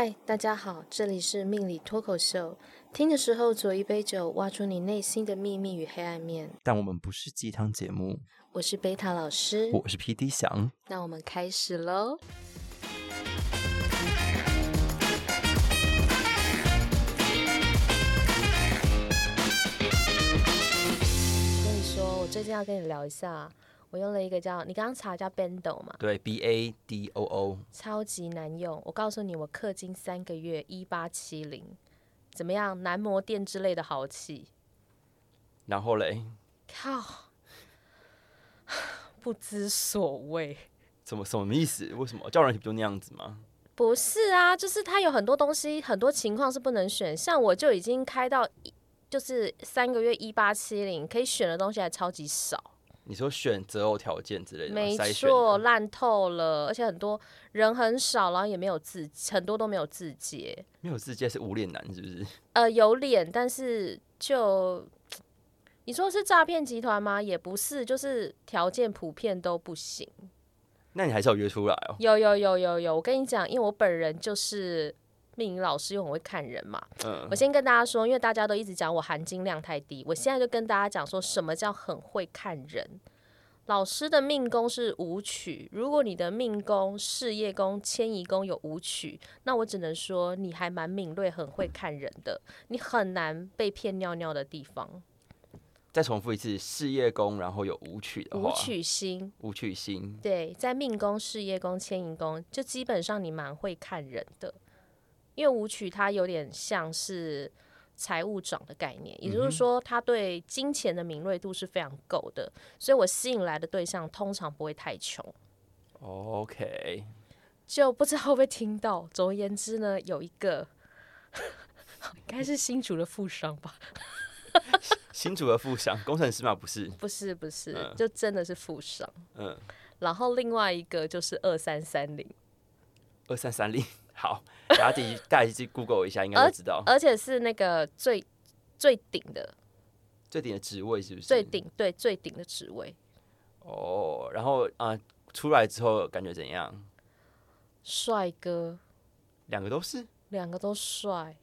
嗨，大家好，這裡是命理脫口秀。聽的時候，左一杯酒，挖出你內心的秘密與黑暗面。但我們不是雞湯節目。我是 Beta 老師，我是 PD 翔。那我們開始嘍。我跟你說，我最近要跟你聊一下。我用了一個叫你剛剛查的叫 Bando 嘛？對，B A D O O，超級難用。我告訴你，我氪金三個月一八七零，1870, 怎麼樣？男模店之類的豪氣。然後嘞？靠，不知所謂。什麼什麼意思？為什麼叫人不就那樣子嗎？不是啊，就是他有很多東西，很多情況是不能選。像我就已經開到，就是三個月一八七零，可以選的東西還超級少。你說選擇偶條件之類的，沒錯，爛透了，而且很多人很少，然後也沒有自，很多都沒有自介，沒有自介是無臉男是不是？呃，有臉，但是就你說是詐騙集團嗎？也不是，就是條件普遍都不行。那你還是要約出來哦。有有有有有，我跟你講，因為我本人就是。命老師又很會看人嘛、嗯，我先跟大家說，因為大家都一直講我含金量太低，我現在就跟大家講說什麼叫很會看人。老師的命宮是武曲，如果你的命宮、事業宮、遷移宮有武曲，那我只能說你還蠻敏銳，很會看人的，嗯、你很難被騙尿尿的地方。再重複一次，事業宮然後有武曲的，武曲星，武曲星，對，在命宮、事業宮、遷移宮，就基本上你蠻會看人的。因為武曲它有點像是財務長的概念，也就是說他對金錢的敏銳度是非常夠的，所以我吸引來的對象通常不會太窮。OK，就不知道會不會聽到。總而言之呢，有一個應該 是新竹的富商吧。 新竹的富商，工程師嗎？不是，不是，不是、嗯，就真的是富商。嗯。然後另外一個就是二三三零。二三三零。好，大家自己大家自己 Google 一下， 應該就知道。而且是那個最最頂的，最頂的職位是不是？最頂，對，最頂的職位。哦，然後啊、呃，出來之後感覺怎樣？帥哥，兩個都是，兩個都帥。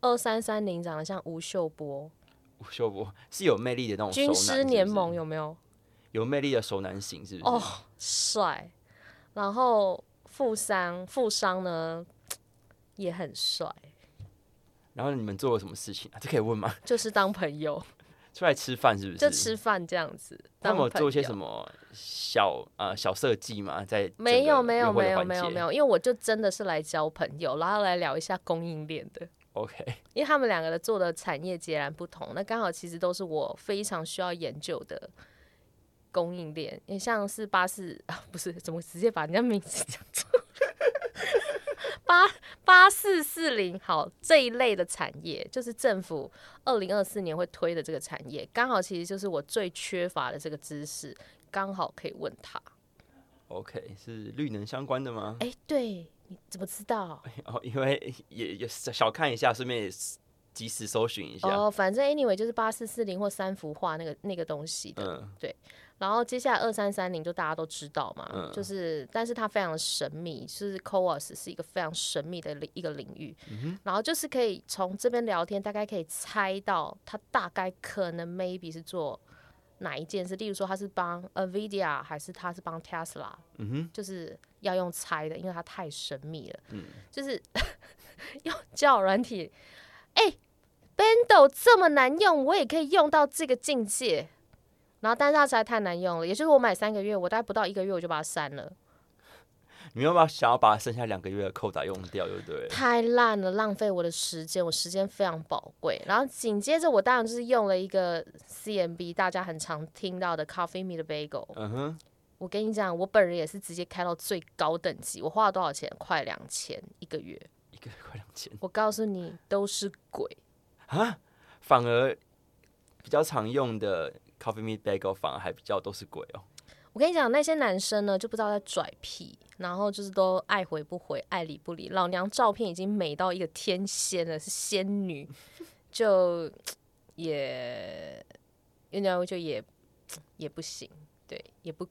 二三三零長得像吳秀波，吳秀波是有魅力的那種是不是。軍師聯盟有沒有？有魅力的熟男型是不是？哦，帥。然後。富商，富商呢也很帥。然後你們做了什麼事情啊？這可以問嗎？就是當朋友， 出來吃飯是不是？就吃飯這樣子。當他們有做一些什麼小呃小設計嗎？在沒有沒有沒有沒有沒有，因為我就真的是來交朋友，然後來聊一下供應鏈的。OK，因為他們兩個的做的產業截然不同，那剛好其實都是我非常需要研究的。供應鏈，你像是八四啊，不是？怎麼直接把人家名字講錯？八八四四零，好，這一類的產業就是政府二零二四年會推的這個產業，剛好其實就是我最缺乏的這個知識，剛好可以問他。OK，是綠能相關的嗎？哎、欸，對，你怎麼知道？欸、哦，因為也也小看一下，順便也及時搜尋一下。哦，反正 anyway 就是八四四零或三幅畫那個那個東西的，嗯、對。然後接下來2330就大家都知道嘛，uh, 就是但是它非常的神秘，就是 CoWoS 是一個非常神秘的一個領域，mm -hmm. 然後就是可以從這邊聊天，大概可以猜到它大概可能 maybe 是做哪一件事，例如說它是幫 NVIDIA 還是它是幫 Tesla，mm -hmm. 就是要用猜的，因為它太神秘了，mm -hmm. 就是用交 軟體，哎，Bumble 這麼難用，我也可以用到這個境界。然後但是它實在太難用了，也就是我買三個月，我大概不到一個月我就把它刪了。你們有沒有想要把剩下兩個月的扣打用掉，對不對？太爛了，浪費我的時間，我時間非常寶貴。然後緊接着我當然就是用了一個 CMB，大家很常聽到的 Coffee Meets Bagel。嗯哼，我跟你講，我本人也是直接開到最高等級，我花了多少錢？快兩千一個月，一個月快兩千。我告訴你，都是鬼啊！反而比較常用的。Coffee Meets Bagel 反而還比較都是鬼哦。我跟你講，那些男生呢，就不知道在拽屁，然後就是都愛回不回，愛理不理。老娘照片已經美到一個天仙了，是仙女，就 也，you know, 就也也不行，對，也不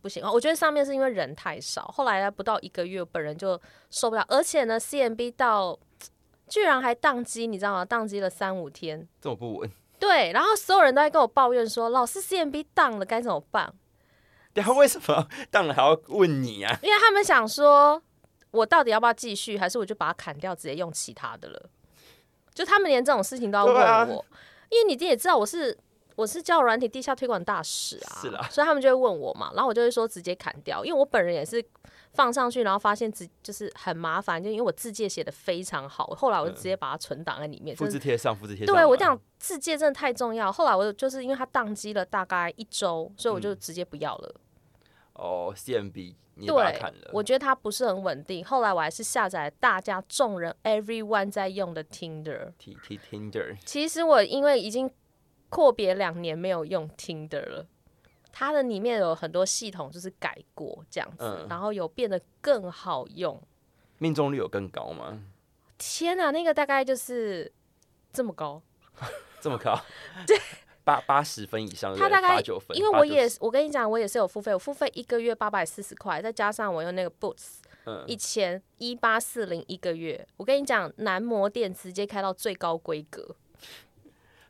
不行。我覺得上面是因為人太少，後來呢，不到一個月，本人就受不了。而且呢，CMB 到居然還宕機，你知道嗎？宕機了三五天，這麼不穩。對，然後所有人都在跟我抱怨說，老師 CMB down 了該怎麼辦？然後為什麼當了還要問你啊？因為他們想說，我到底要不要繼續，還是我就把它砍掉，直接用其他的了？就他們連這種事情都要問我，因為你也知道我是我是交軟體地下推廣大使啊，是啦，所以他們就會問我嘛。然後我就會說直接砍掉，因為我本人也是。放上去，然後發現直就是很麻煩，就因為我字界寫的非常好，後來我就直接把它存檔在裡面，嗯就是、複製貼上，複製貼。對我講字界真的太重要。後來我就是因為它宕機了大概一周，所以我就直接不要了。哦，C 比 B，你把對我覺得它不是很穩定。後來我還是下載大家眾人 everyone 在用的 t i n d e r T Tinder。其實我因為已經闊別兩年沒有用 Tinder 了。它的裡面有很多系統，就是改過這樣子、嗯，然後有變得更好用，命中率有更高嗎？天哪、啊，那個大概就是這麼高， 這麼高，對，八八十分以上對對，它大概八九分，因為我也是，我跟你講，我也是有付費，我付費一個月八百四十塊，再加上我用那個 Boots，一千一八四零一個月。嗯、我跟你講，男模店直接開到最高規格，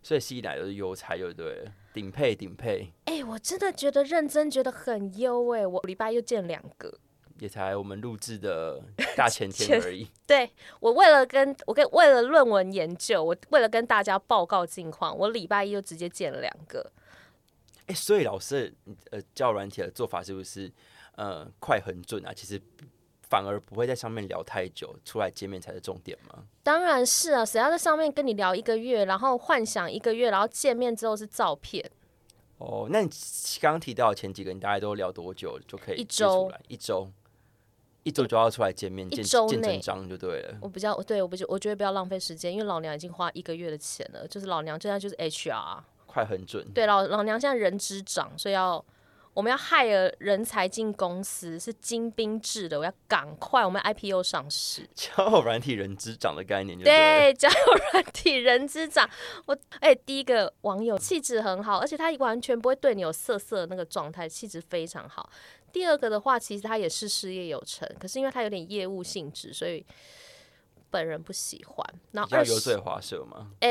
所以吸引來都是優才，就對。頂配頂配，哎、欸，我真的覺得認真，覺得很優哎、欸！我禮拜一又見兩個，也才我們錄制的大前天而已。 對我為了跟我跟為了論文研究，我為了跟大家報告近況，我禮拜一就直接見了兩個。哎、欸，所以老師，呃，交友軟體的做法是不是，呃，快狠準啊？其實。反而不會在上面聊太久，出來見面才是重點嗎？當然是啊，誰要在上面跟你聊一個月，然後幻想一個月，然後見面之後是照片。哦，那你剛剛提到前幾個，你大概都聊多久就可以？一周，一周，一周就要出來見面，欸、見一見證章就對了。我比較，對，我不，我覺得不要浪費時間，因為老娘已經花一個月的錢了，就是老娘現在就是 HR，快狠準。對老老娘現在人資長，所以要。我們要 hire 人才進公司，是精兵制的，我要趕快我們 IPO 上市。交友軟體人資長的概念就對，交友軟體人資長。我哎、欸，第一個網友氣質很好，而且他完全不會對你有色色的那個狀態，氣質非常好。第二個的話，其實他也是事業有成，可是，因為他有點業務性質，所以。本人不喜歡，那二油嘴滑舌嗎？哎、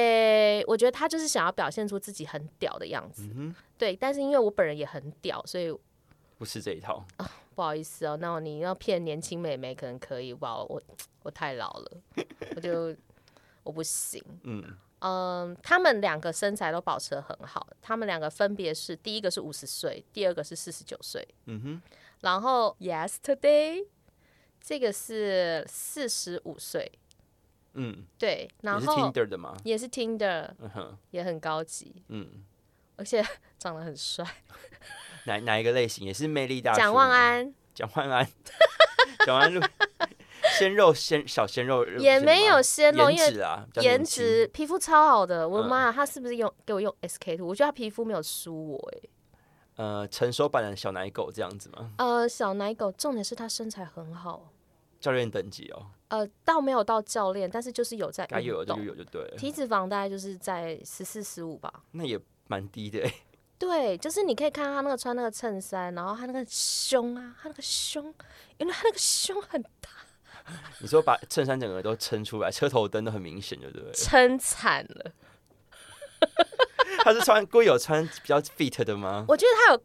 欸，我覺得他就是想要表現出自己很屌的樣子。嗯，對。但是因為我本人也很屌，所以不是這一套、呃、不好意思哦、喔，那你要騙年輕美眉可能可以，哇我我我太老了，我就 我不行。嗯嗯，他們兩個身材都保持得很好。他們兩個分別是第一個是五十歲，第二個是四十九歲。嗯哼，然後 yesterday 這個是四十五歲。嗯，對，然後也是 Tinder 的嗎？也是 Tinder，嗯哼，也很高級，嗯，而且長得很帥。哪哪一個類型？也是魅力大叔。蔣萬安，蔣萬安，蔣萬安，鮮肉，肉鮮，鮮小鮮肉也沒有鮮肉，顏值顏值，皮膚超好的，我的媽、啊，他是不是用給我用 SK-II？我覺得他皮膚沒有輸我、欸，哎，呃，成熟版的小奶狗這樣子嗎？呃，小奶狗，重點是他身材很好。教練等級哦，呃，倒沒有到教練，但是就是有在運動，該有的就有就對了。體脂肪大概就是在十四十五吧，那也蠻低的、欸。對，就是你可以看到他那個穿那個襯衫，然後他那個胸啊，他那個胸，原來他那個胸很大。你說把襯衫整個都撐出來，車頭燈都很明顯的，對不對？撐慘了。了 他是穿，故意有穿比較 fit 的嗎？我覺得他有。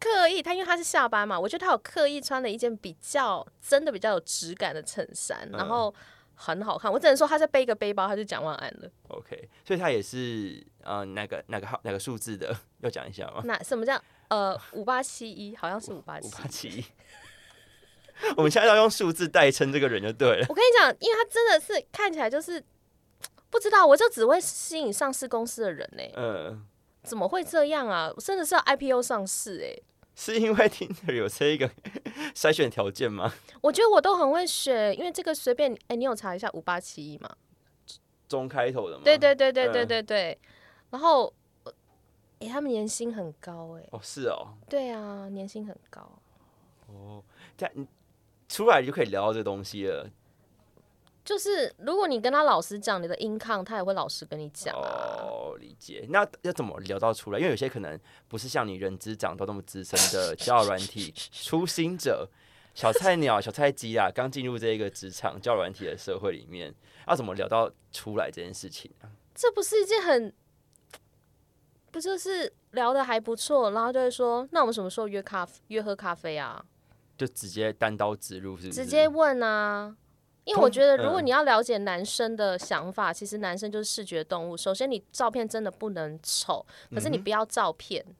刻意，他因為他是下班嘛，我覺得他有刻意穿了一件比較真的，比較有質感的襯衫，然後很好看。嗯、我只能說，他在背一個背包，他就講晚安了。OK，所以他也是嗯、呃，那個那個號哪個數字的，要講一下嗎？那什麼叫呃五八七一？5871，好像是五八五八七一。哦、5871 我們現在要用數字代稱這個人就對了。我跟你講，因為他真的是看起來就是不知道，我就只會吸引上市公司的人呢、欸。嗯。怎麼會這樣啊？甚至是要 IPO 上市哎、欸，是因為 Tinder 有這個篩選條件嗎？我覺得我都很會選，因為這個隨便哎、欸，你有查一下五八七一嗎？中開頭的嗎？對對對對對對對。嗯、然後，哎、欸，他們年薪很高哎、欸。哦，是哦。對啊，年薪很高。哦，這樣你出來就可以聊到這個東西了。就是如果你跟他老實講你的 income，他也會老實跟你講哦、啊，oh, 理解。那要怎麼聊到出來？因為有些可能不是像你人資長都那麼資深的教軟體初心者， 小菜鳥、小菜雞啊，剛進入這個職場教軟體的社會裡面，要怎麼聊到出來這件事情，啊？這不是一件很，不就是聊得還不錯，然後就會說，那我們什麼時候約咖啡約喝咖啡啊？就直接單刀直入是不是，是直接問啊？因為我覺得，如果你要了解男生的想法，嗯，其實男生就是視覺動物。首先，你照片真的不能醜，可是你不要照片，嗯、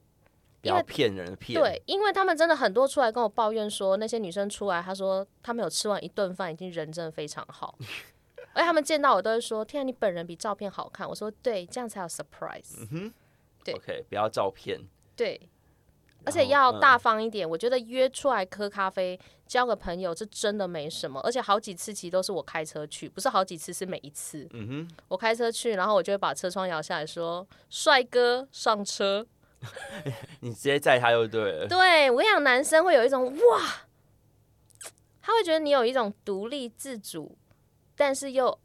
因為不要騙人的，騙，對，因為他們真的很多出來跟我抱怨說，那些女生出來他，他說他們有吃完一頓飯，已經人真的非常好， 而他們見到我都會說，天啊，你本人比照片好看。我說對，這樣才有 surprise。嗯、對，OK，不要照片。對。而且要大方一點、嗯，我覺得約出來喝咖啡、交個朋友，這真的沒什麼。而且好幾次其實都是我開車去，不是好幾次，是每一次。嗯哼，我開車去，然後我就會把車窗搖下來，說：“帥哥，上車。 ”你直接載他就對了。對，我跟你講男生會有一種哇，他會覺得你有一種獨立自主，但是又……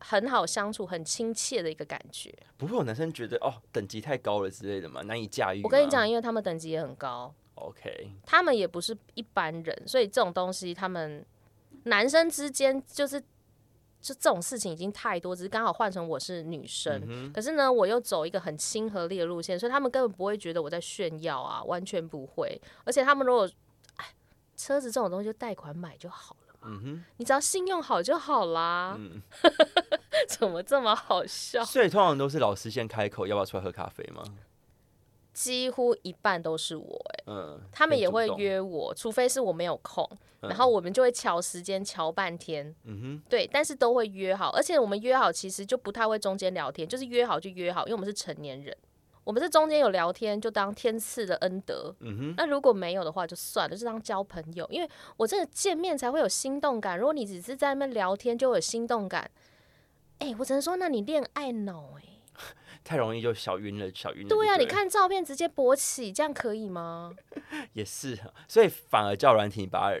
很好相處，很親切的一個感覺。不會有男生覺得哦，等級太高了之類的嘛，難以駕馭。我跟你講，因為他們等級也很高，OK，他們也不是一般人，所以這種東西他們男生之間就是就這種事情已經太多，只是剛好換成我是女生，嗯、可是呢我又走一個很親和力的路線，所以他們根本不會覺得我在炫耀啊，完全不會。而且他們如果哎車子這種東西就貸款買就好了。嗯哼，你只要信用好就好啦。嗯， 怎麼這麼好笑？所以通常都是老師先開口，要不要出來喝咖啡嗎？幾乎一半都是我哎、欸，嗯，他們也會約我，嗯、除非是我沒有空、嗯，然後我們就會敲時間敲半天。嗯哼，對，但是都會約好，而且我們約好其實就不太會中間聊天，就是約好就約好，因為我們是成年人。我們是中間有聊天，就當天賜的恩德。嗯哼，那如果沒有的話就算了，就算，就當交朋友。因為我真的見面才會有心動感，如果你只是在那邊聊天就有心動感，哎、欸，我只能說，那你戀愛腦、no、哎、欸，太容易就小暈了，小暈。對啊，你看照片直接勃起，這樣可以嗎？ 也是，所以反而叫軟體把。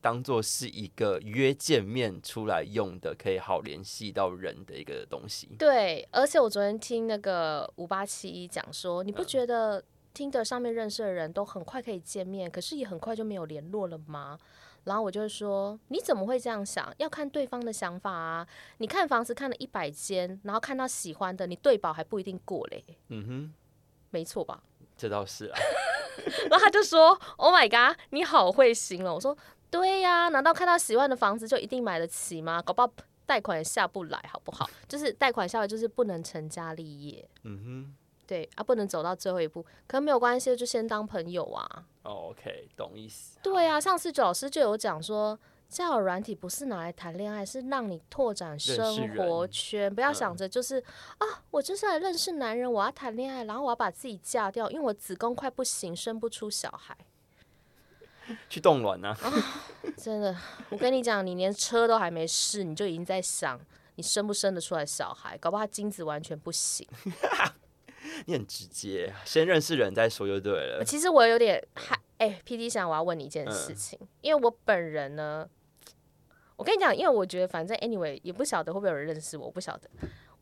當做是一個約見面出來用的，可以好聯繫到人的一個東西。對，而且我昨天聽那個五八七一講說，你不覺得 Tinder 上面認識的人都很快可以見面，可是也很快就沒有聯絡了嗎？然後我就說，你怎麼會這樣想？要看對方的想法啊。你看房子看了一百間，然後看到喜歡的，你對保還不一定過嘞。嗯哼，沒錯吧？這倒是啊。 然後他就說：“Oh my God，你好會心哦。”我說。對呀、啊，難道看到喜歡的房子就一定買得起嗎？搞不好貸款也下不來，好不好？好就是貸款下來，就是不能成家立業。嗯哼，對啊，不能走到最後一步，可能沒有關係，就先當朋友啊。哦、OK，懂意思。對啊，上次老師就有講說，交友軟體不是拿來談戀愛，是讓你拓展生活圈。不要想着就是、嗯、啊，我就是來認識男人，我要談戀愛，然後我要把自己嫁掉，因為我子宮快不行，生不出小孩。去凍卵呢？真的，我跟你講，你連車都還沒試，你就已經在想你生不生得出來的小孩？搞不好精子完全不行。 你很直接，先認識人再說就對了。其實我有點害，哎、欸、，P D 翔我要問你一件事情、嗯，因為我本人呢，我跟你講，因為我覺得反正 anyway 也不曉得會不會有人認識我，我不曉得。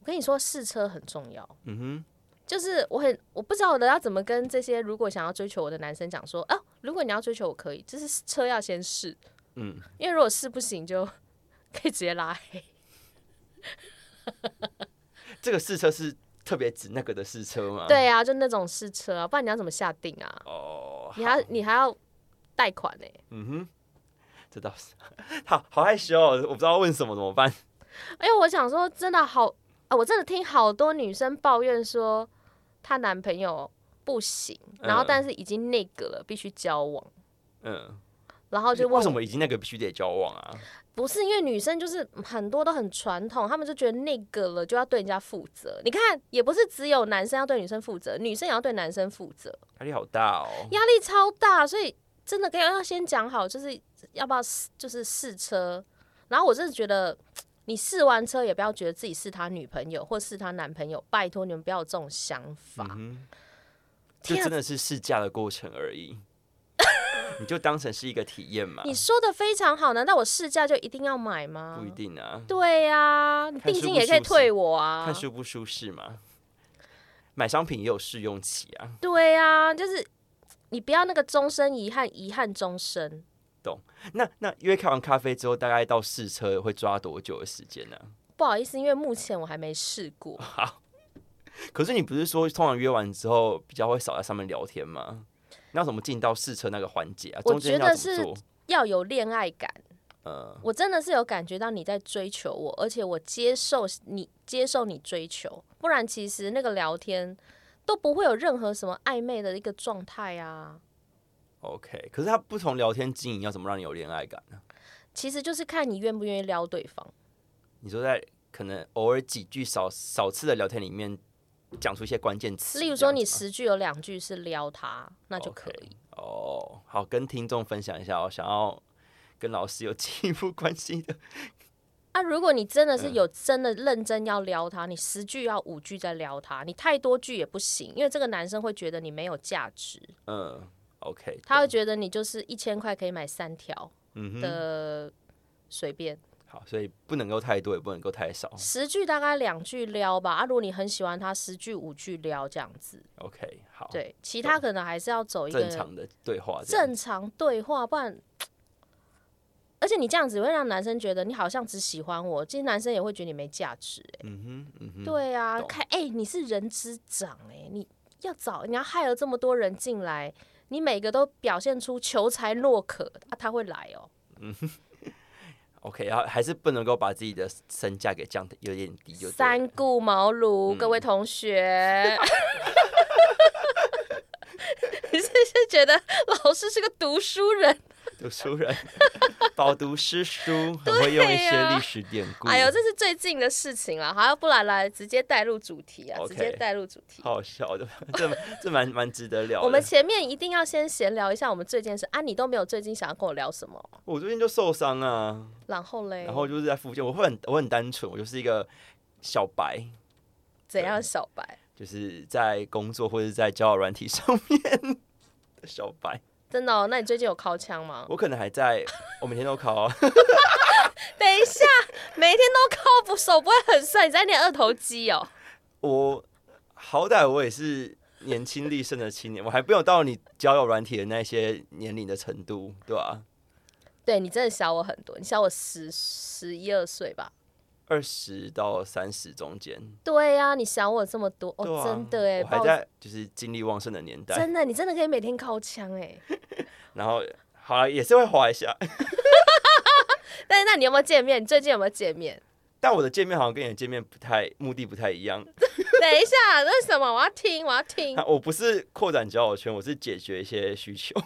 我跟你說試車很重要。嗯哼。就是我很我不知道我要怎麼跟這些如果想要追求我的男生講說哦、啊，如果你要追求我可以，就是車要先試。嗯，因為如果試不行，就可以直接拉黑。 這個試車是特別指那個的試車嗎？對啊，就那種試車、啊、不然你要怎麼下定啊？哦、oh, 你，你還要你還要貸款呢。嗯哼，這倒是。好好害羞，哦、我不知道問什麼，怎麼辦？哎、欸、我想說真的好啊，我真的聽好多女生抱怨說，她男朋友不行，然後但是已經那個了，嗯、必須交往。嗯，然後就為什麼已經那個必須得交往啊？不是因為女生就是很多都很傳統，他們就覺得那個了就要對人家負責。你看，也不是只有男生要對女生負責，女生也要對男生負責，壓力好大哦。壓力超大，所以真的要要先講好，就是要不要試，就是試車。然後我真的覺得。你試完車也不要覺得自己是他女朋友或是他男朋友，拜託你們不要有這種想法。這、嗯、真的是試駕的過程而已， 你就當成是一個體驗嘛。你說的非常好，難道我試駕就一定要買嗎？不一定啊。對呀、啊，定金也可以退我啊。看舒不舒適嘛？買商品也有試用期啊。對啊，就是你不要那個終身遺憾，遺憾終身。懂，那那約開完咖啡之後，大概到試車會抓多久的時間呢？啊？不好意思，因為目前我還沒試過。好 可是你不是說通常約完之後比較會少在上面聊天嗎？那怎麼進到試車那個環節啊？我覺得是要有戀愛感。嗯、呃，我真的是有感覺到你在追求我，而且我接受你，接受你追求，不然其實那個聊天都不會有任何什麼曖昧的一個狀態啊。OK，可是他不同聊天經營，要怎麼讓你有戀愛感呢？其實就是看你願不願意撩對方。你說在可能偶爾幾句少、少次的聊天裡面，講出一些關鍵詞，例如說你十句有兩句是撩他，那就可以。Okay, 哦，好，跟聽眾分享一下。我想要跟老師有進一步關係的，那、啊、如果你真的是有真的認真要撩他，嗯、你十句要五句再撩他，你太多句也不行，因為這個男生會覺得你沒有價值。嗯。OK，他會覺得你就是一千塊可以買三條的隨便、嗯哼。好，所以不能夠太多，也不能夠太少。十句大概兩句撩吧。啊，如果你很喜歡他，十句五句撩這樣子。OK，好。對，其他可能還是要走一個正常的對話。正常對話，不然，而且你這樣子會讓男生覺得你好像只喜歡我，其實男生也會覺得你沒價值、欸。嗯哼，嗯哼，對啊，看，哎、欸，你是人資長，哎，你要找，你要害了這麼多人進來。你每個都表現出求財若渴啊，他會來哦、喔。嗯，OK，啊，還是不能夠把自己的身價給降得有點低就，就三顧茅廬，各位同學，嗯、 你是不是覺得老師是個讀書人？讀書人，飽讀詩書，很會用一些歷史典故、啊。哎呦，這是最近的事情了，好，要不然來直接帶入主題啊，okay, 直接帶入主題。好笑的，這這蠻蠻 值得聊。我們前面一定要先閒聊一下我們最近事啊，你都沒有最近想要跟我聊什麼？我最近就受傷啊。然後嘞？然後就是在附近，我會很我很單純，我就是一個小白。怎樣小白？就是在工作或者在交友軟體上面的小白。真的、哦？那你最近有尻槍嗎？我可能還在，我每天都尻、哦。 等一下，每一天都尻，不手不會很帥，你在練二頭肌哦。我好歹我也是年輕力盛的青年，我還沒有到你交友軟體的那些年齡的程度，對吧、啊？對你真的小我很多，你小我十十一二歲吧。二十到三十中間，對呀、啊，你想我這麼多哦、oh, 啊，真的哎、欸，我還在就是精力旺盛的年代，真的，你真的可以每天尻槍哎、欸。 然後，好了，也是會滑一下。 但是那你有沒有見面？你最近有沒有見面？ 但我的見面好像跟你的見面不太，目的不太一樣。 等一下，那什麼？我要聽，我要聽。 我不是擴展交友圈，我是解決一些需求。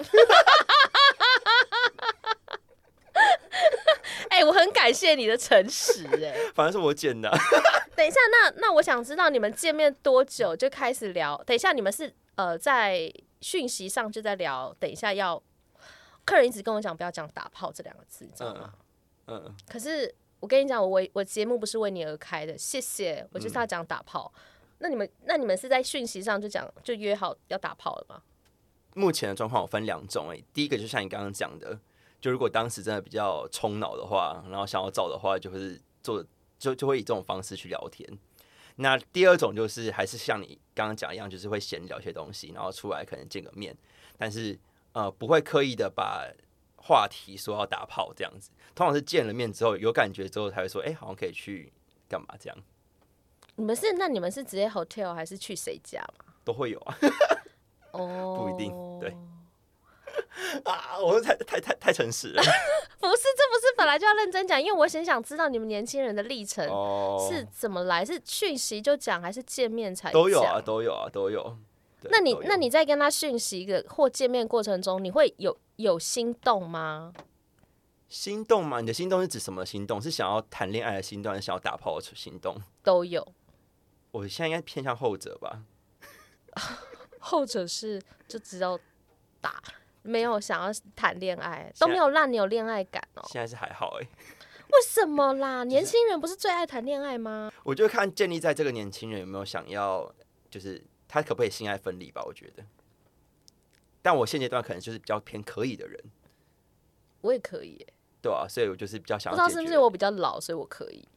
欸、我很感謝你的誠實、欸，哎， 反正是我撿的、啊。 等一下，那那我想知道你們見面多久就開始聊？等一下，你們是呃在訊息上就在聊？等一下要客人一直跟我講不要講打炮這兩個字，知道嗎？嗯嗯。可是我跟你講，我為我我節目不是為你而開的，謝謝。我就是要講打炮、嗯，那你們那你們是在訊息上就講就約好要打炮了嗎？目前的狀況我分兩種、欸，哎，第一個就像你剛剛講的。就如果當時真的比較衝腦的話，然後想要找的話，就是做就就會以這種方式去聊天。那第二種就是還是像你剛剛講一樣，就是會閒聊一些東西，然後出來可能見個面，但是呃不會刻意的把話題說要打炮這樣子。通常是見了面之後有感覺之後才會說，哎、欸、好像可以去幹嘛這樣。你們是那你們是直接 hotel 還是去誰家嘛？都會有啊。哦、 oh.，不一定，對。啊！我說太太太太誠實了， 不是，這不是本來就要認真講，因為我很想知道你們年輕人的歷程是怎麼來，是訊息就講，還是見面才？都有啊，都有啊，都有。那你那你在跟他訊息的或見面過程中，你會有有心動嗎？心動嗎？你的心動是指什麼？心動是想要談戀愛的心動，還是想要打炮的心動？都有。我現在應該偏向後者吧？ 後者是就只要打。沒有想要談戀愛，都沒有讓你有戀愛感哦？現在是還好哎、欸，為什麼啦？ 就是、年輕人不是最愛談戀愛嗎？我就看建立在這個年輕人有沒有想要，就是他可不可以性愛分離吧？我覺得，但我現階段可能就是比較偏可以的人，我也可以、欸。對啊，所以我就是比較想要，不知道是不是我比較老，所以我可以。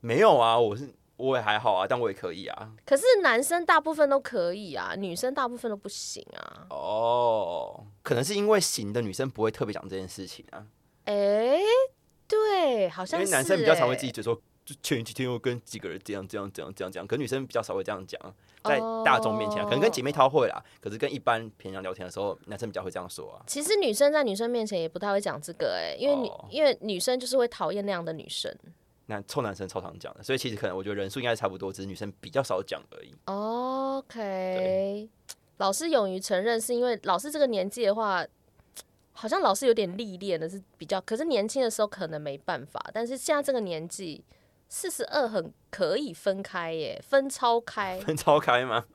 沒有啊，我是。我也還好啊，但我也可以啊。可是男生大部分都可以啊，女生大部分都不行啊。哦，可能是因為行的女生不會特別講這件事情啊。哎、欸，對，好像是、欸、因為男生比較常會自己就說，就前幾天又跟幾個人這樣這樣這樣這樣講。可女生比較少會這樣講，在大眾面前、啊哦，可能跟姐妹淘會啦。可是跟一般平常聊天的時候，男生比較會這樣說啊。其實女生在女生面前也不太會講這個、欸，哎，因為女、哦、因為女生就是會討厭那樣的女生。男、臭男生超常講的，所以其實可能我覺得人數應該差不多，只是女生比較少講而已。OK，老師勇於承認，是因為老師這個年紀的話，好像老師有點歷練的是比較，可是年輕的時候可能沒辦法，但是現在這個年紀，四十二很可以分開耶，分超開，分超開嗎？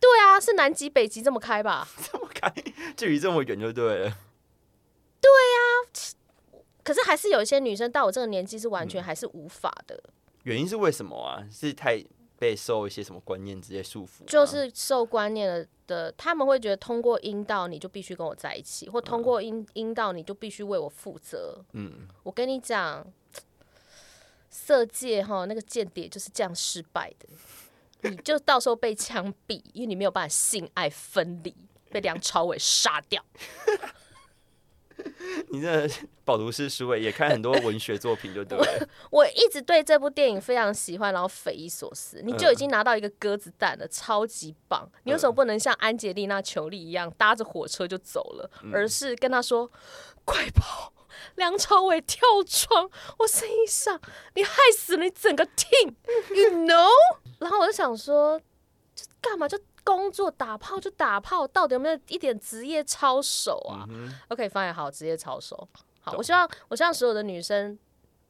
對啊，是南極北極這麼開吧？ 這麼開，距離這麼遠就對了。對啊。可是還是有一些女生到我這個年紀是完全還是無法的。原因是為什麼啊？是太被受一些什麼觀念直接束縛？就是受觀念的的，他們會覺得通過陰道你就必須跟我在一起，或通過陰陰道你就必須為我負責。嗯，我跟你講，色戒吼那個間諜就是這樣失敗的， 你就到時候被槍斃，因為你沒有辦法性愛分離，被梁朝偉殺掉。 你真的飽讀詩書誒，也看很多文學作品就對了。 我一直對這部電影非常喜歡，然後匪夷所思。你就已經拿到一個鴿子蛋了，超級棒。嗯、你為什麼不能像安潔莉娜·裘莉一樣搭着火車就走了，而是跟他說、嗯：“快跑！”梁朝偉跳窗，我聲音上你害死了你整個 team，you、嗯、know？ 然後我就想說，這幹嘛就？工作打炮就打炮，到底有沒有一點職業操守啊、嗯、？OK 方也好，職業操守好。我希望我希望所有的女生，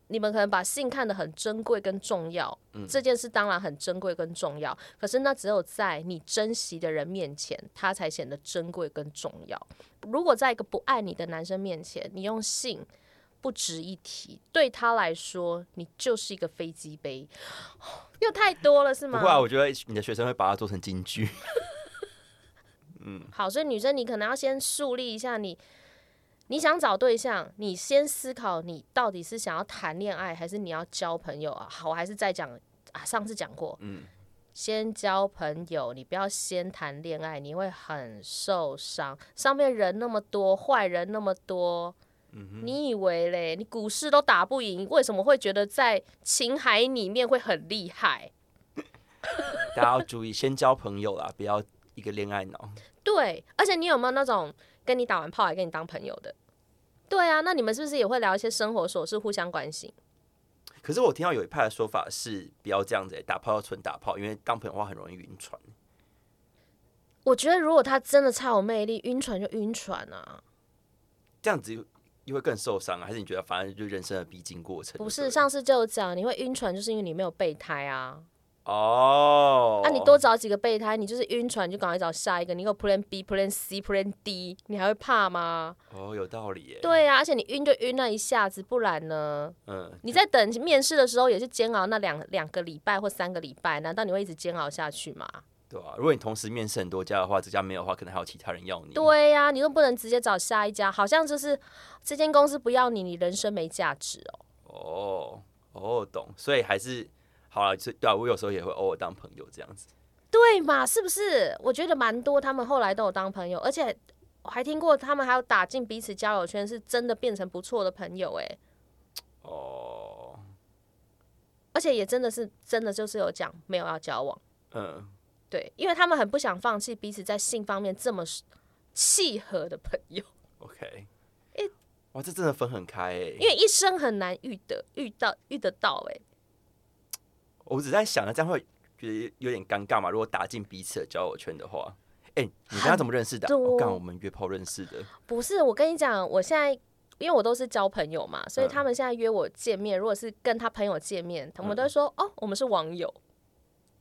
你們可能把性看得很珍貴跟重要、嗯，這件事當然很珍貴跟重要。可是那只有在你珍惜的人面前，它才顯得珍貴跟重要。如果在一個不愛你的男生面前，你用性不值一提，對他來說你就是一個飛機杯。又太多了是嗎？不過啊，我覺得你的學生會把它做成金句。 嗯，好，所以女生你可能要先樹立一下你，你想找對象，你先思考你到底是想要談戀愛還是你要交朋友啊？好，我還是再講啊，上次講過，嗯，先交朋友，你不要先談戀愛，你會很受傷。上面人那麼多，壞人那麼多。嗯、你以為嘞？你股市都打不贏，為什麼會覺得在情海裡面會很厲害？大家要注意， 先交朋友啦，不要一個戀愛腦。對，而且你有沒有那種跟你打完炮還跟你當朋友的？對啊，那你們是不是也會聊一些生活瑣事，互相關心？可是我聽到有一派的說法是，不要這樣子、欸、打炮要純打炮，因為當朋友的話很容易暈船。我覺得如果他真的超有魅力，暈船就暈船啊。這樣子。你會更受傷啊？還是你覺得反正就是人生的必經過程？不是，上次就講你會暈船，就是因為你沒有備胎啊。哦、oh，那、啊、你多找幾個備胎，你就是暈船就趕快找下一個，你有 Plan B、Plan C、Plan D，你還會怕嗎？哦、oh，有道理耶。對啊，而且你暈就暈那一下子，不然呢？嗯。你在等面試的時候也是煎熬那兩兩個禮拜或三個禮拜，難道你會一直煎熬下去嗎？對啊，如果你同時面試很多家的話，這家沒有的話，可能還有其他人要你。對呀、啊，你又不能直接找下一家，好像就是這間公司不要你，你人生沒價值哦。哦，哦，懂。所以還是好了、啊，對啊，我有時候也會偶爾當朋友這樣子。對嘛？是不是？我覺得蠻多他們後來都有當朋友，而且我還聽過他們還有打進彼此交友圈，是真的變成不錯的朋友哎、欸。哦、oh.。而且也真的是真的就是有講沒有要交往。嗯。對，因為他們很不想放棄彼此在性方面這麼契合的朋友。OK，哎，哇，這真的分很開哎、欸，因為一生很難遇得遇到遇得到哎、欸。我只在想，這樣會覺得有點尷尬嘛？如果打進彼此的交友圈的話，哎、欸，你跟他怎麼認識的？我感、哦、我們約炮認識的。不是，我跟你講，我現在因為我都是交朋友嘛，所以他們現在約我見面，嗯、如果是跟他朋友見面，他們都會說、嗯、哦，我們是網友，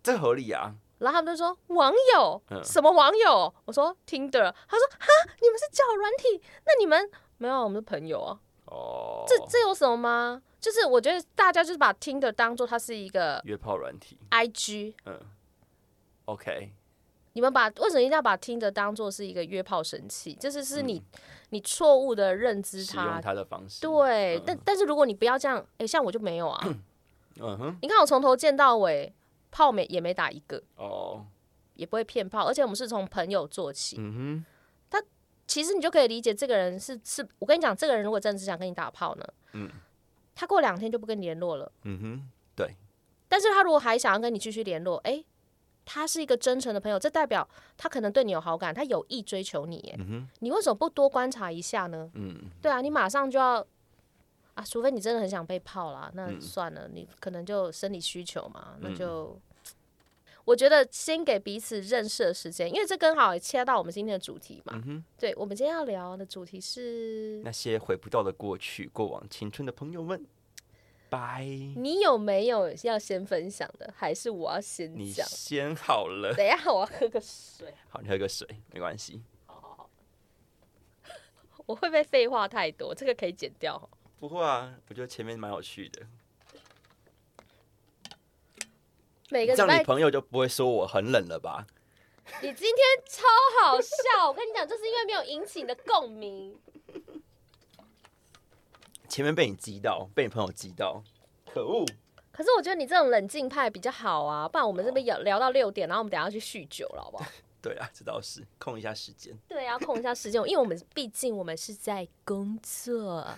這合理啊。然後他們就說網友、嗯、什麼網友？我說 Tinder，他說哈，你們是叫軟體，那你們沒有我們的朋友啊？哦，這這有什麼嗎？就是我覺得大家就是把 Tinder 當作它是一個約炮軟體，IG，嗯，OK，你們把為什麼一定要把 Tinder 當作是一個約炮神器？就是是你、嗯、你錯誤的認知它，使用它的方式，對，嗯嗯，但但是如果你不要這樣，哎，像我就沒有啊， 嗯哼，你看我從頭見到尾。炮沒也沒打一個哦，Oh. 也不會騙炮，而且我們是從朋友做起。他、mm -hmm. 其實你就可以理解，這個人是是我跟你講，這個人如果真的是想跟你打炮呢，mm -hmm. 他過兩天就不跟你聯絡了。Mm -hmm. 對。但是他如果還想要跟你繼續聯絡，哎、欸，他是一個真誠的朋友，這代表他可能對你有好感，他有意追求你。Mm -hmm. 你為什麼不多觀察一下呢？Mm -hmm. 對啊，你馬上就要。啊，除非你真的很想被泡了，那算了，嗯、你可能就生理需求嘛，那就、嗯、我覺得先給彼此認識的時間，因為這剛好也切到我們今天的主題嘛。嗯、對，我們今天要聊的主題是那些回不到的過去，過往青春的朋友們。拜。你有沒有要先分享的，還是我要先講？你先好了。等一下，我要喝個水。 好，你喝個水，沒關係。我會不會廢話太多？這個可以剪掉。不會啊，我覺得前面蠻有趣的。每個這樣，你朋友就不會說我很冷了吧？你今天超好笑， 我跟你講，就是因為沒有引起你的共鳴。前面被你激到，被你朋友激到，可惡！可是我覺得你這種冷靜派比較好啊，不然我們這邊有聊到六點，然後我們等下去酗酒了，好不好？對，對啊，這倒是控一下時間。對啊，控一下時間，因為我們畢竟我們是在工作。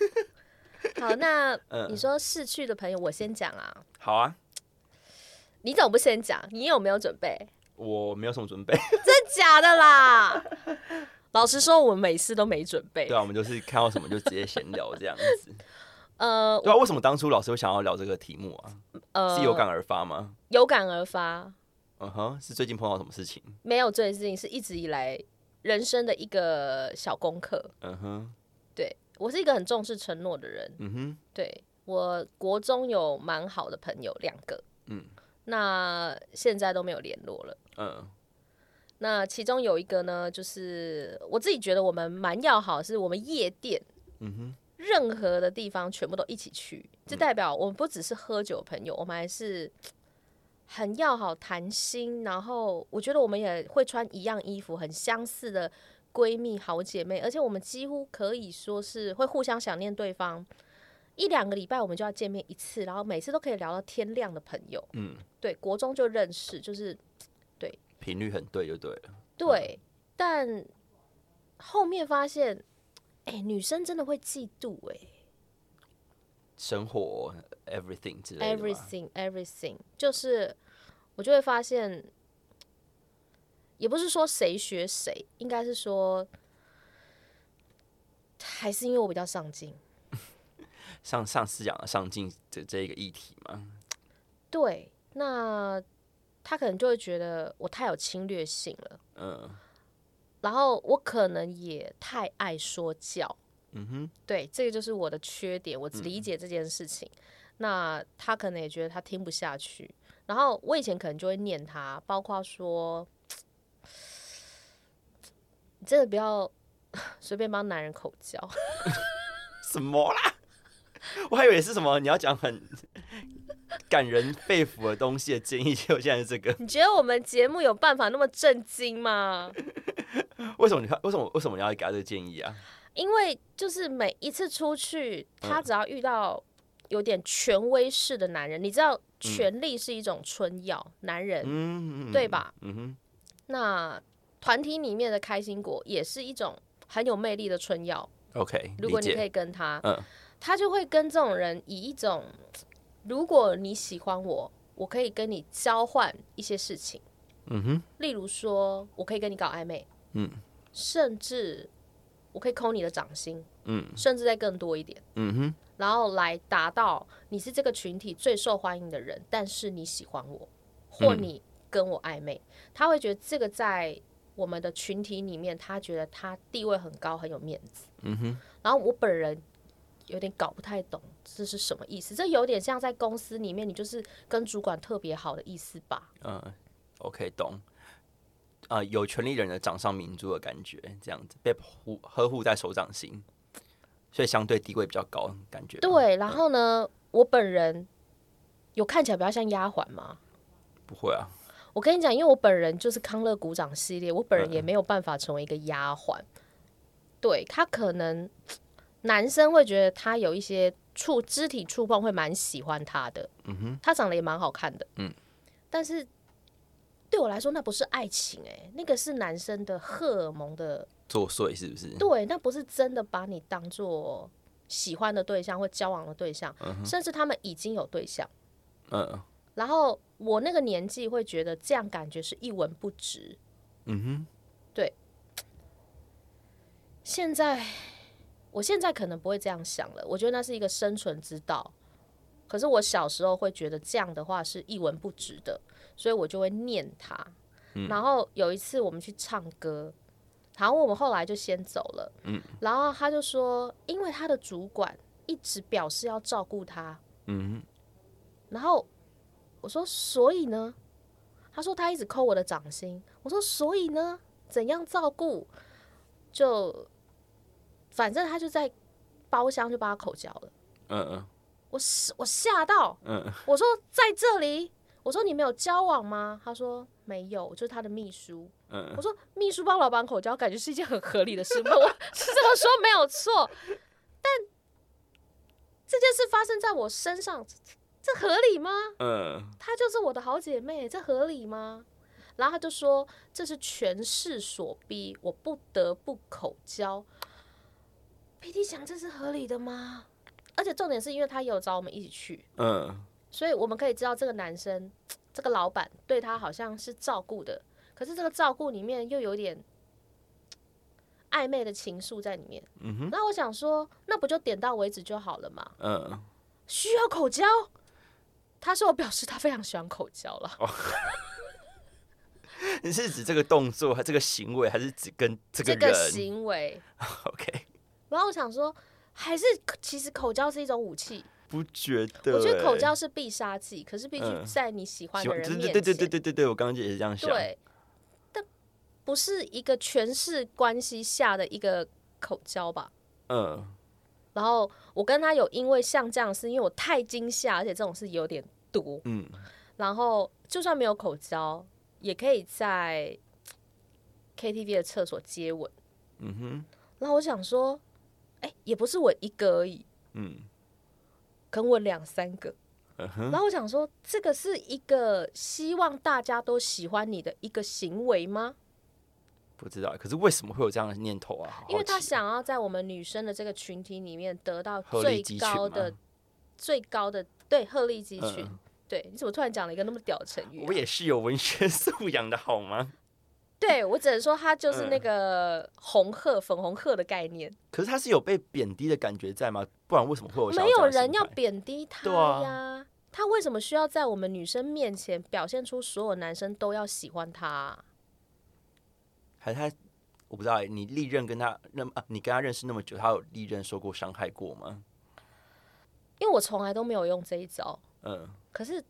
好，那你說逝去的朋友，嗯、我先講啊。好啊，你怎麼不先講？你有沒有準備？我沒有什麼準備。真假的啦？ 老實說，我們每次都沒準備。對啊，我們就是看到什麼就直接閒聊這樣子。 呃，對、啊，為什麼當初老師會想要聊這個題目啊？呃，是有感而發嗎？有感而發。嗯哼，是最近碰到什麼事情？沒有最近，是一直以來人生的一個小功課。嗯哼，對。我是一個很重視承諾的人、嗯。對，我國中有蠻好的朋友兩個。嗯，那現在都沒有聯絡了。嗯、uh-uh，那其中有一個呢，就是我自己覺得我們蠻要好，是我們夜店。嗯哼，任何的地方全部都一起去，就代表我們不只是喝酒朋友，我們還是很要好談心。然後我覺得我們也會穿一樣衣服，很相似的。閨蜜、好姐妹，而且我們幾乎可以說是會互相想念對方。一兩個禮拜我們就要見面一次，然後每次都可以聊到天亮的朋友。嗯，對，國中就認識，就是對頻率很對就對了。對，嗯、但後面發現，哎，女生真的會嫉妒哎，生活 everything everything everything，就是我就會發現。也不是說誰學誰，應該是說，還是因為我比較上進 。上次上次講上進這這一個議題嘛。對，那他可能就會覺得我太有侵略性了。嗯、呃。然後我可能也太愛說教。嗯哼。對，這個就是我的缺點。我只理解這件事情。嗯、那他可能也覺得他聽不下去。然後我以前可能就會念他，包括說。你真的不要隨便幫男人口交。 什麼啦？我還以為是什麼你要講很感人肺腑的東西的建議，結果現在是這個。你覺得我們節目有辦法那麼震驚嗎？ 為？為什麼你看為什麼為什麼你要給他這個建議啊？因為就是每一次出去，他只要遇到有點權威式的男人，嗯、你知道權力是一種春藥、嗯，男人、嗯，對吧？嗯哼。那團體裡面的開心果也是一種很有魅力的春藥。OK，如果你可以跟他、嗯，他就會跟這種人以一種，如果你喜歡我，我可以跟你交換一些事情。嗯哼，例如說，我可以跟你搞曖昧。嗯，甚至我可以摳你的掌心。嗯，甚至再更多一點。嗯哼，然後來達到你是這個群體最受歡迎的人，但是你喜歡我，或你、嗯。跟我曖昧，他會覺得這個在我們的群體裡面，他覺得他地位很高，很有面子。嗯哼，然後我本人有點搞不太懂這是什麼意思，這有點像在公司裡面你就是跟主管特別好的意思吧？嗯，OK，懂。啊、呃。有權力的人的掌上明珠的感覺，這樣子被護呵護在手掌心，所以相對地位比較高，感覺。對，然後呢，我本人有看起來比較像丫鬟嗎？嗯、不會啊。我跟你講，因為我本人就是康樂股長系列，我本人也沒有辦法成為一個丫鬟。嗯嗯，對，他可能男生會覺得他有一些觸肢體觸碰，會蠻喜歡他的，嗯、他長得也蠻好看的，嗯、但是對我來說，那不是愛情。欸，哎，那個是男生的荷爾蒙的作祟，是不是？對，那不是真的把你當做喜歡的對象或交往的對象，嗯，甚至他們已經有對象，嗯。嗯然後我那個年紀會覺得這樣感覺是一文不值，嗯哼，對。現在我現在可能不會這樣想了，我覺得那是一個生存之道。可是我小時候會覺得這樣的話是一文不值的，所以我就會念他。嗯、然後有一次我們去唱歌，然後我們後來就先走了，嗯。然後他就說，因為他的主管一直表示要照顧他，嗯哼，然後。我說，所以呢？他說他一直摳我的掌心。我說，所以呢？怎樣照顧？就反正他就在包廂就把他口交了。嗯嗯。我我嚇到。嗯嗯。我說在這裡。我說你沒有交往嗎？他說沒有，就是他的秘書。嗯,嗯。我說秘書幫老板口交，感覺是一件很合理的事 我是這麼說沒有錯，但這件事發生在我身上。這合理嗎？嗯、呃，她就是我的好姐妹，這合理嗎？然後他就說，這是權勢所逼，我不得不口交。PD 翔這是合理的嗎？而且重點是因為他有找我們一起去，嗯、呃，所以我們可以知道這個男生，這個老板對他好像是照顧的，可是這個照顧裡面又有點曖昧的情愫在裡面。嗯哼，然後我想說，那不就點到為止就好了嘛。嗯、呃，需要口交？他說我表示他非常喜歡口交啦。Oh, 你是指這個動作還是這個行為，還是指跟這個人？這個行為。OK。然後我想說，還是其實口交是一種武器。不覺得、欸？我覺得口交是必殺技，可是必須在你喜歡的人面前。對、嗯、對對對對對對，我剛剛也是這樣想。對。但不是一個權勢關係下的一個口交吧？嗯。然後我跟他有因為像這樣的事，因為我太驚嚇，而且這種事有點多。嗯。然後就算沒有口交，也可以在 KTV 的廁所接吻。嗯哼。然後我想說，哎、欸，也不是我一個而已。嗯。跟我兩三個、uh-huh。然後我想說，這個是一個希望大家都喜歡你的一個行為嗎？不知道，可是為什麼會有這樣的念頭啊，好好奇啊？因為他想要在我們女生的這個群體裡面得到最高的，最高的，對，鶴立雞群、嗯。對，你怎麼突然講了一個那麼屌成語、啊？我也是有文學素養的好嗎？對，我只能說他就是那個紅鶴、嗯、粉紅鶴的概念。可是他是有被貶低的感覺在嗎？不然為什麼會有這樣，沒有人要貶低他呀、啊？他為什麼需要在我們女生面前表現出所有男生都要喜歡他、啊？還他，我不知道哎、欸。你歷任跟他那麼、啊，你跟他認識那麼久，他有歷任受過傷害過嗎？因為我從來都沒有用這一招。嗯。可是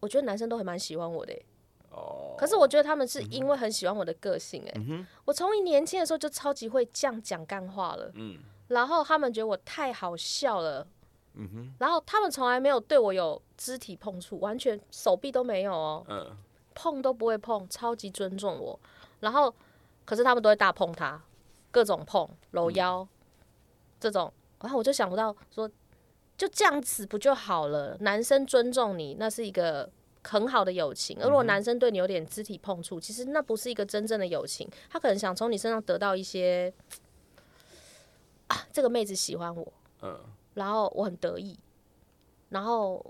我覺得男生都還蠻喜歡我的、欸。哦。可是我覺得他們是因為很喜歡我的個性哎、欸嗯。我從一年輕的時候就超級會這樣講幹話了。嗯。然後他們覺得我太好笑了。嗯哼。然後他們從來沒有對我有肢體碰觸，完全手臂都沒有哦、喔。嗯。碰都不會碰，超級尊重我。然後。可是他們都會大碰他，各種碰摟腰、嗯，這種，然後，啊，我就想不到說，就這樣子不就好了？男生尊重你，那是一個很好的友情。而如果男生對你有點肢體碰觸，其實那不是一個真正的友情。他可能想從你身上得到一些，啊，這個妹子喜歡我，嗯，然後我很得意，然後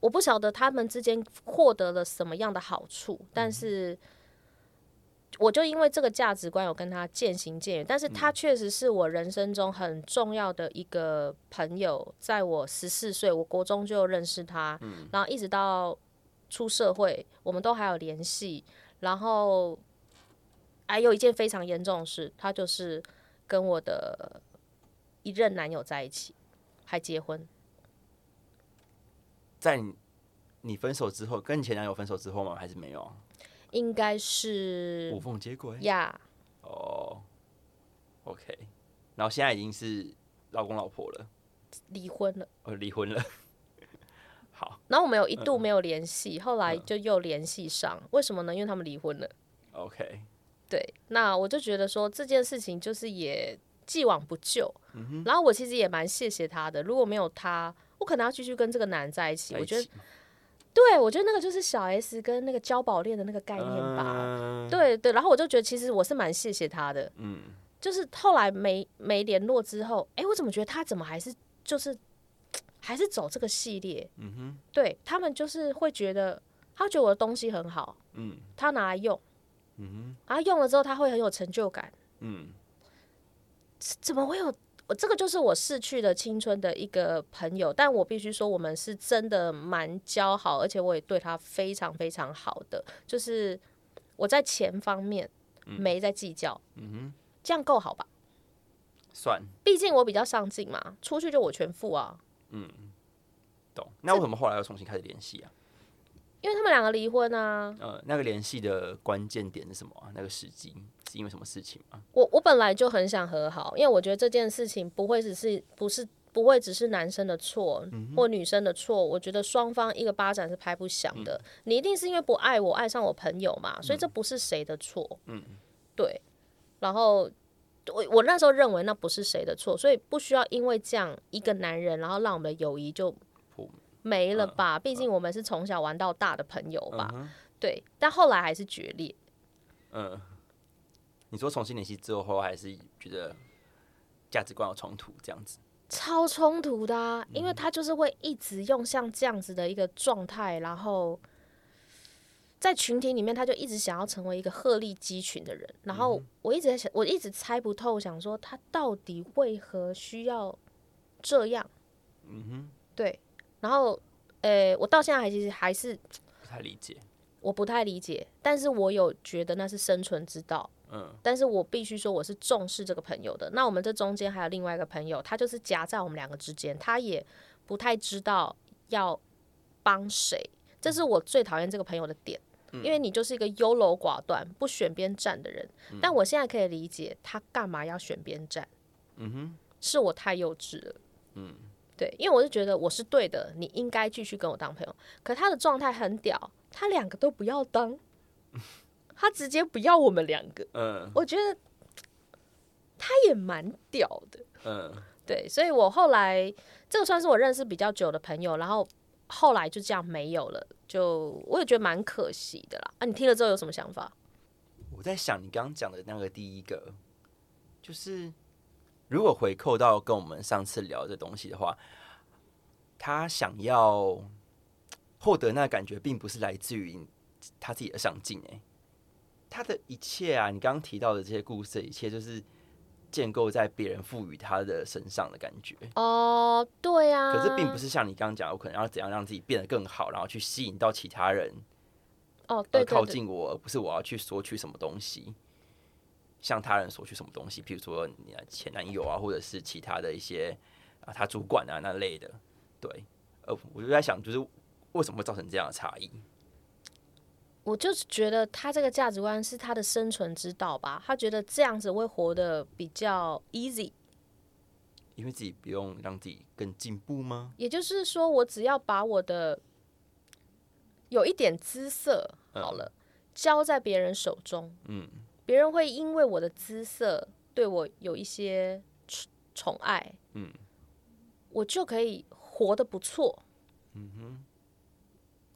我不曉得他們之間獲得了什麼樣的好處，但是。嗯我就因為這個價值觀有跟他漸行漸遠，但是他確實是我人生中很重要的一個朋友，在我十四歲，我國中就認識他，然後一直到出社會，我們都還有聯繫，然後還有一件非常嚴重的事，他就是跟我的一任男友在一起，還結婚。在你分手之後，跟你前男友分手之後嗎？還是沒有？應該是無縫接軌呀。哦、yeah. oh，OK。然後現在已經是老公老婆了，離婚了。哦，離婚了。 好。然後我們有一度沒有聯繫、嗯，後來就又聯繫上、嗯。為什麼呢？因為他們離婚了。OK。對。那我就覺得說，這件事情就是也既往不咎、嗯。然後我其實也蠻謝謝他的，如果沒有他，我可能要繼續跟這個男在一起。一起我覺得。對，我覺得那個就是小 S 跟那個嬌寶練的那個概念吧。Uh, 對對，然後我就覺得其實我是蠻謝謝他的。嗯，就是後來沒沒聯絡之後，哎，我怎麼覺得他怎麼還是就是還是走這個系列？嗯哼，對他們就是會覺得他覺得我的東西很好，嗯，他拿來用，嗯哼，然後用了之後他會很有成就感，嗯，怎麼會有？我這個就是我逝去的青春的一個朋友，但我必須說，我們是真的蠻交好，而且我也對他非常非常好的，就是我在錢方面沒在計較，嗯，嗯哼，這樣夠好吧？算，畢竟我比較上進嘛，出去就我全付啊。嗯，懂。那為什麼後來又重新開始聯繫啊？因為他們兩個離婚啊，呃，那個聯繫的關鍵點是什麼？那個時機是因為什麼事情嗎？我我本來就很想和好，因為我覺得這件事情不會只是不是不會只是男生的錯、嗯、或女生的錯，我覺得雙方一個巴掌是拍不響的、嗯。你一定是因為不愛我，愛上我朋友嘛，所以這不是誰的錯。嗯，對。然後我我那時候認為那不是誰的錯，所以不需要因為這樣一個男人，然後讓我們的友誼就。沒了吧，嗯、畢竟我們是從小玩到大的朋友吧、嗯，對。但後來還是決裂。嗯，你說重新聯繫之後，還是覺得價值觀有衝突這樣子？超衝突的啊、嗯，因為他就是會一直用像這樣子的一個狀態，然後在群體裡面，他就一直想要成為一個鶴立雞群的人。然後我一直在想、嗯，我一直猜不透，想說他到底為何需要這樣？嗯哼，對。然後，誒、欸，我到現在還其實還是不太理解，我不太理解，但是我有覺得那是生存之道。嗯，但是我必須說我是重視這個朋友的。那我們這中間還有另外一個朋友，他就是夾在我們兩個之間，他也不太知道要幫誰，這是我最討厭這個朋友的點，因為你就是一個優柔寡斷、不選邊站的人。嗯。但我現在可以理解他幹嘛要選邊站。嗯哼，是我太幼稚了。嗯。對，因為我是覺得我是對的，你應該繼續跟我當朋友。可他的狀態很屌，他兩個都不要當，他直接不要我們兩個。嗯，我覺得他也蠻屌的。嗯，對，所以我後來這個算是我認識比較久的朋友，然後後來就這樣沒有了，就我也覺得蠻可惜的啦。啊，你聽了之後有什麼想法？我在想你剛剛講的那個第一個，就是。如果回扣到跟我們上次聊的這東西的話，他想要獲得那個感覺，並不是來自於他自己的上進哎、欸，他的一切啊，你剛剛提到的這些故事，一切就是建構在別人賦予他的身上的感覺。哦、oh，對啊。可是並不是像你剛剛講的，我可能要怎樣讓自己變得更好，然後去吸引到其他人哦，來靠近我、oh, 對對對，而不是我要去索取什麼東西。向他人索取什麼東西，譬如說你的前男友啊，或者是其他的一些啊，他主管啊那類的，對，呃，我就在想，就是為什麼會造成這樣的差異？我就是覺得他這個價值觀是他的生存之道吧，他覺得這樣子會活得比較 easy，因為自己不用讓自己更進步嗎？也就是說，我只要把我的有一點姿色好了，嗯、交在別人手中，嗯。別人會因為我的姿色對我有一些寵寵愛，嗯，我就可以活得不錯，嗯哼。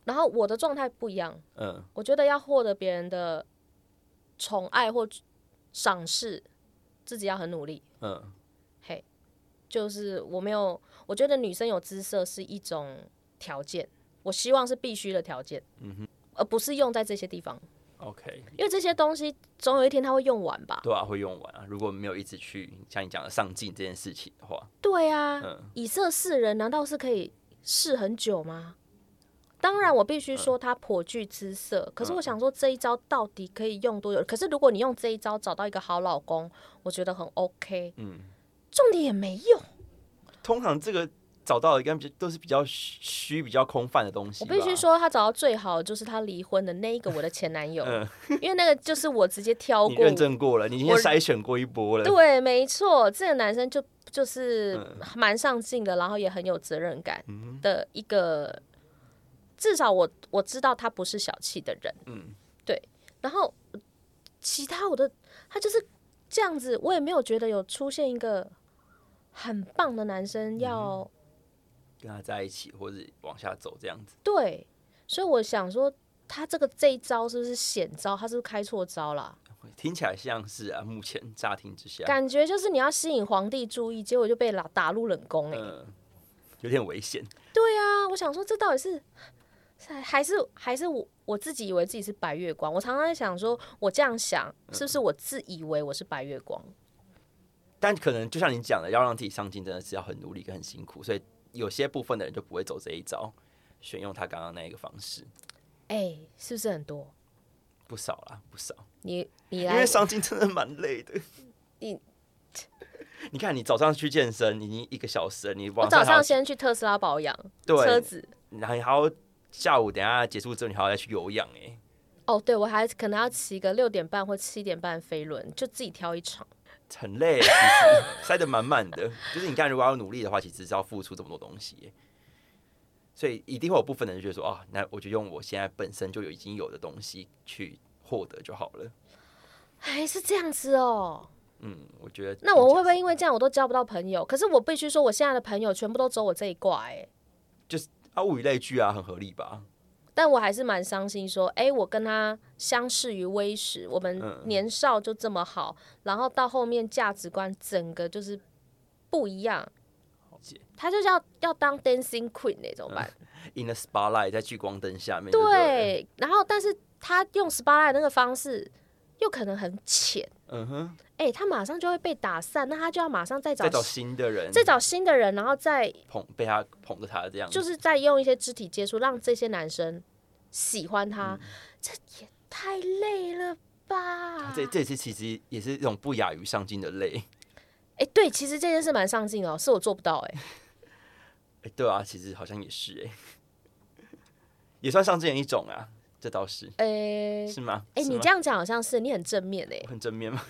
然後我的狀態不一樣，嗯、呃，我覺得要獲得別人的寵愛或賞識，自己要很努力，嗯，嘿、hey，就是我沒有，我覺得女生有姿色是一種條件，我希望是必須的條件，嗯，而不是用在這些地方。OK，因為這些東西總有一天他會用完吧？對啊，會用完啊！如果沒有一直去像你講的上進這件事情的話，對啊，嗯、以色侍人難道是可以試很久嗎？當然，我必須說他頗具姿色、嗯，可是我想說這一招到底可以用多久、嗯？可是如果你用這一招找到一個好老公，我覺得很 OK。嗯，重點也沒有。通常這個。找到一個都是比較虛、比較空泛的東西。我必須說，他找到最好就是他離婚的那一個我的前男友，因為那個就是我直接挑過、認證過了，你已經篩選過一波了。對，沒錯，這個男生就就是蠻上進的，然後也很有責任感的一個。至少我我知道他不是小氣的人。嗯，對。然後其他我都他就是這樣子，我也沒有覺得有出現一個很棒的男生要，跟他在一起，或是往下走這樣子。對，所以我想說，他這個這一招是不是險招？他是不是開錯招了啊？聽起來像是啊，目前乍聽之下，感覺就是你要吸引皇帝注意，結果就被打打入冷宮哎、欸，嗯，有點危險。對啊，我想說，這到底是是還是還是我我自己以為自己是白月光？我常常在想，說我這樣想是不是我自以為我是白月光？嗯，但可能就像你講的，要讓自己上進，真的是要很努力跟很辛苦，所以。有些部分的人就不會走這一招，選用他剛剛那一個方式。哎、欸，是不是很多？不少啦，不少。你你來因為上鏡真的蠻累的。你 你看，你早上去健身已經一個小時了，你往我早上先去特斯拉保養，對，車子，然後你還要下午等下結束之後，你還要再去有氧哎。哦、oh，對我還可能要騎個六點半或七點半飛輪，就自己挑一場。很累，其實塞得滿滿的， 就是你看，如果要努力的話，其實是要付出這麼多東西。所以，一定會有部分人就覺得說：“啊，那我就用我現在本身就有已經有的東西去獲得就好了。”哎，是這樣子哦。嗯，我覺得那我會不會因為這樣，我都交不到朋友？ 可是我必須說，我現在的朋友全部都走我這一掛，哎，就是啊，物以類聚啊，很合理吧？但我還是蠻傷心，說，哎、欸，我跟他相識於微時，我們年少就這麼好，嗯、然後到後面價值觀整個就是不一樣。他就是要要當 dancing queen 那、欸、怎麼辦、uh,？In the spotlight，在聚光燈下面對。對，然後但是他用 spotlight 那個方式，又可能很淺。嗯哼，哎，他馬上就會被打散，那他就要馬上再找再找新的人，再找新的人，然後再捧被他捧着，他這樣子，就是再用一些肢體接觸，讓這些男生。喜歡他、嗯，這也太累了吧？啊、這這次其實也是一種不亞於上進的累。哎，對，其實這件事蠻上進哦，是我做不到哎、欸。哎，對啊，其實好像也是哎、欸，也算上進的一種啊。這倒是，哎，是嗎？哎，你這樣講好像是你很正面哎、欸，很正面嗎？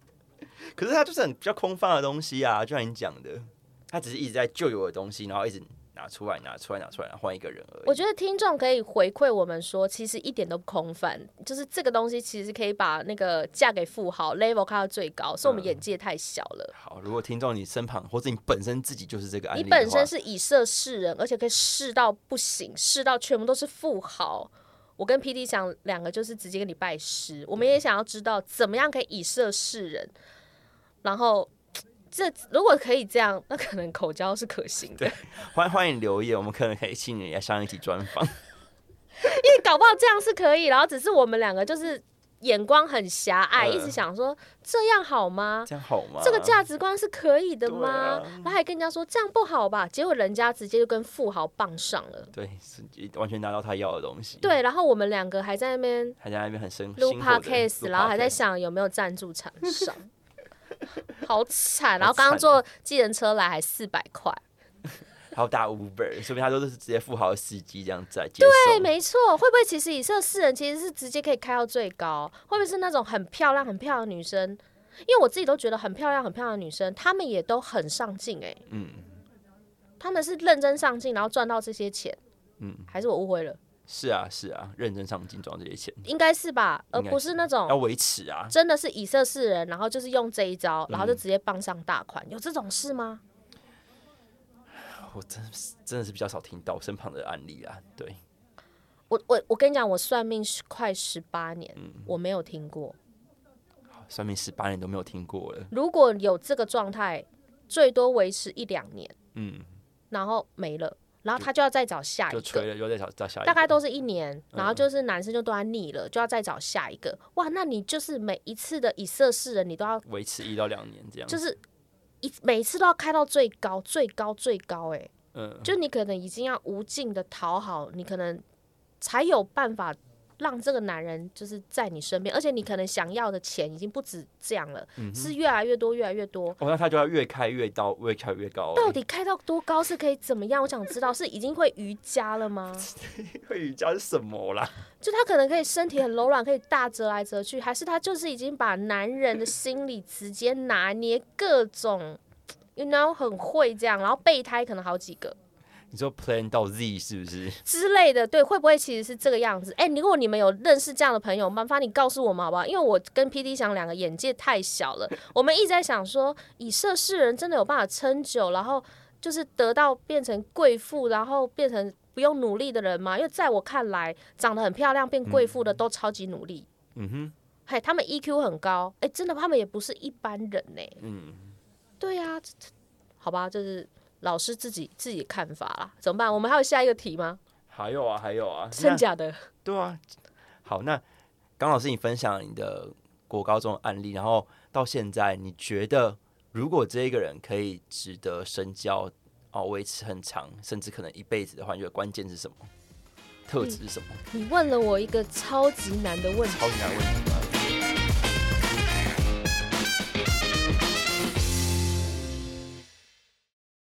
可是他就是很比較空泛的東西啊，就像你講的，他只是一直在舊有的東西，然後一直。拿出來，拿出來，拿出來，換一個人而已。我覺得聽眾可以回饋我們說，其實一點都不空泛，就是這個東西其實可以把那個嫁給富豪 level 開到最高，是、嗯、我們眼界太小了。好，如果聽眾你身旁或者你本身自己就是這個案例的話，你本身是以色侍人，而且可以侍到不行，侍到全部都是富豪。我跟 PD 想兩個就是直接跟你拜師，我們也想要知道怎麼樣可以以色侍人，然後。這如果可以這樣，那可能口交是可行的。對，歡迎歡迎留言， 我們可能可以請人家上一期專訪。 因為搞不好這樣是可以，然後只是我們兩個就是眼光很狹隘，嗯、一直想說，這樣好嗎？這樣好嗎？這個價值觀是可以的嗎？啊、然後還跟人家說這樣不好吧？結果人家直接就跟富豪傍上了，對，完全拿到他要的東西。對，然後我們兩個還在那邊還在那邊很生氣 p a k e s 然後還在想有沒有贊助廠商。 好慘！然後剛剛坐計程車來還四百塊，還有打 Uber，說明他都是直接富豪司機這樣子 對，沒錯，會不會其實以色侍人其實是直接可以開到最高？會不會是那種很漂亮、很漂亮的女生？因為我自己都覺得很漂亮、很漂亮的女生，她們也都很上進哎、欸。嗯，她們是認真上進，然後賺到這些錢。嗯，還是我誤會了。是啊是啊，認真上進賺這些錢，應該是吧，而不是那種是要維持啊，真的是以色事人，然後就是用這一招，然後就直接傍上大款、嗯，有這種事嗎？我真是真的是比較少聽到身旁的案例啊，對我我我跟你講，我算命是快十八年、嗯，我沒有聽過，算命十八年都沒有聽過嘞，如果有這個狀態，最多維持一兩年，嗯，然後沒了。然後他就要再找下一個，一個大概都是一年、嗯。然後就是男生就都要膩了，就要再找下一個。哇，那你就是每一次的以色事人，你都要維持一到兩年這樣，就是一每次都要開到最高，最高，最高、欸，哎，嗯，就你可能已經要無盡的討好，你可能才有辦法。讓這個男人就是在你身邊，而且你可能想要的錢已經不止這樣了，嗯、是越來越多，越來越多。哦，那他就要越開越高，越開越高、欸。到底開到多高是可以怎麼樣？ 我想知道是已經會瑜伽了嗎？ 會瑜伽是什麼啦？就他可能可以身體很柔軟，可以大折來折去，還是他就是已經把男人的心理直接拿捏，各種 ，you know，很會這樣，然後備胎可能好幾個。你說 Plan 到 Z 是不是之類的？對，會不會其實是這個樣子？哎、欸，如果你們有認識這樣的朋友，麻煩你告訴我們好不好？因為我跟 PD 翔兩個眼界太小了， 我們一直在想說，以色侍人真的有辦法撐久，然後就是得到變成貴婦，然後變成不用努力的人嗎？因為在我看來，長得很漂亮變貴婦的、嗯、都超級努力。嗯哼，嗨，他們 EQ 很高，哎、欸，真的他們也不是一般人呢、欸。嗯，對呀、啊，好吧，就是。老師自己自己看法啦，怎麼辦？我們還有下一個題嗎？還有啊，還有啊，真假的？對啊。好，那剛老師你分享你的國高中的案例，然後到現在，你覺得如果這一個人可以值得深交哦，啊，維持很長，甚至可能一輩子的話，你覺得關鍵是什麼？特質是什麼？嗯，你問了我一個超級難的問題，超級難的問題嗎？